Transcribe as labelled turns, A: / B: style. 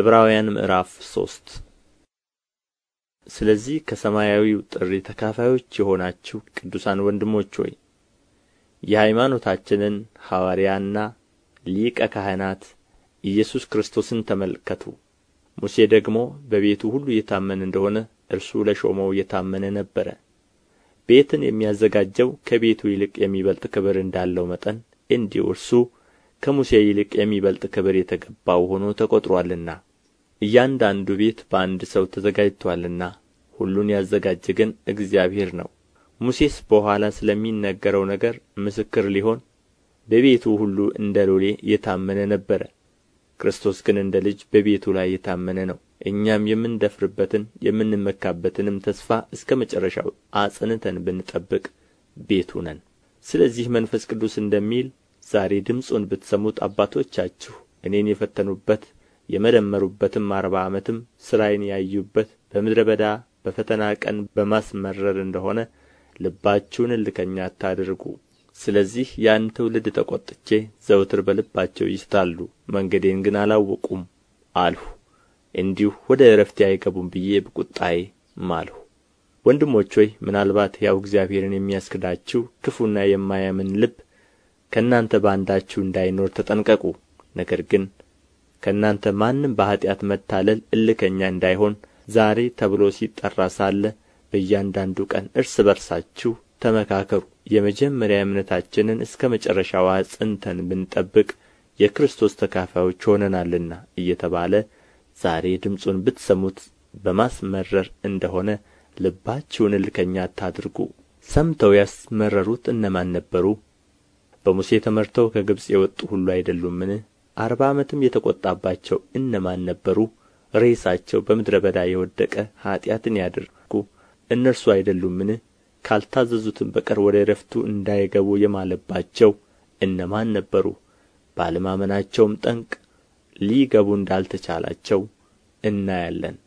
A: ዕብራውያን ምዕራፍ ሶስት ስለዚህ ከሰማያዊው ጥሪ ተካፋዮች የሆናችሁ ቅዱሳን ወንድሞች ሆይ የሃይማኖታችንን ሐዋርያና ሊቀ ካህናት ኢየሱስ ክርስቶስን ተመልከቱ። ሙሴ ደግሞ በቤቱ ሁሉ የታመነ እንደሆነ እርሱ ለሾመው የታመነ ነበረ። ቤትን የሚያዘጋጀው ከቤቱ ይልቅ የሚበልጥ ክብር እንዳለው መጠን እንዲሁ እርሱ ከሙሴ ይልቅ የሚበልጥ ክብር የተገባው ሆኖ ተቆጥሮአልና እያንዳንዱ ቤት በአንድ ሰው ተዘጋጅቶአልና ሁሉን ያዘጋጀ ግን እግዚአብሔር ነው። ሙሴስ በኋላ ስለሚነገረው ነገር ምስክር ሊሆን በቤቱ ሁሉ እንደ ሎሌ የታመነ ነበረ። ክርስቶስ ግን እንደ ልጅ በቤቱ ላይ የታመነ ነው። እኛም የምንደፍርበትን የምንመካበትንም ተስፋ እስከ መጨረሻው አጽንተን ብንጠብቅ ቤቱ ነን። ስለዚህ መንፈስ ቅዱስ እንደሚል ዛሬ ድምፁን ብትሰሙት አባቶቻችሁ እኔን የፈተኑበት የመረመሩበትም አርባ ዓመትም ሥራዬን ያዩበት በምድረ በዳ በፈተና ቀን በማስመረር እንደሆነ ልባችሁን እልከኛ አታድርጉ ስለዚህ ያን ትውልድ ተቈጥቼ ዘውትር በልባቸው ይስታሉ መንገዴን ግን አላወቁም አልሁ እንዲሁ ወደ ዕረፍቴ አይገቡም ብዬ በቁጣዬ ማልሁ ወንድሞች ሆይ ምናልባት ያው እግዚአብሔርን የሚያስክዳችሁ ክፉና የማያምን ልብ ከእናንተ በአንዳችሁ እንዳይኖር ተጠንቀቁ ነገር ግን ከእናንተ ማንም በኃጢአት መታለል እልከኛ እንዳይሆን ዛሬ ተብሎ ሲጠራ ሳለ በእያንዳንዱ ቀን እርስ በርሳችሁ ተመካከሩ የመጀመሪያ እምነታችንን እስከ መጨረሻዋ ጽንተን ብንጠብቅ የክርስቶስ ተካፋዮች ሆነናልና እየተባለ ዛሬ ድምፁን ብትሰሙት በማስመረር እንደሆነ ልባችሁን እልከኛ አታድርጉ ሰምተው ያስመረሩት እነማን ነበሩ በሙሴ ተመርተው ከግብፅ የወጡ ሁሉ አይደሉምን? አርባ ዓመትም የተቈጣባቸው እነማን ነበሩ? ሬሳቸው በምድረ በዳ የወደቀ ኃጢአትን ያደርጉ እነርሱ አይደሉምን? ካልታዘዙትም በቀር ወደ ረፍቱ እንዳይገቡ የማለባቸው እነማን ነበሩ? ባለማመናቸውም ጠንቅ ሊገቡ እንዳልተቻላቸው እናያለን።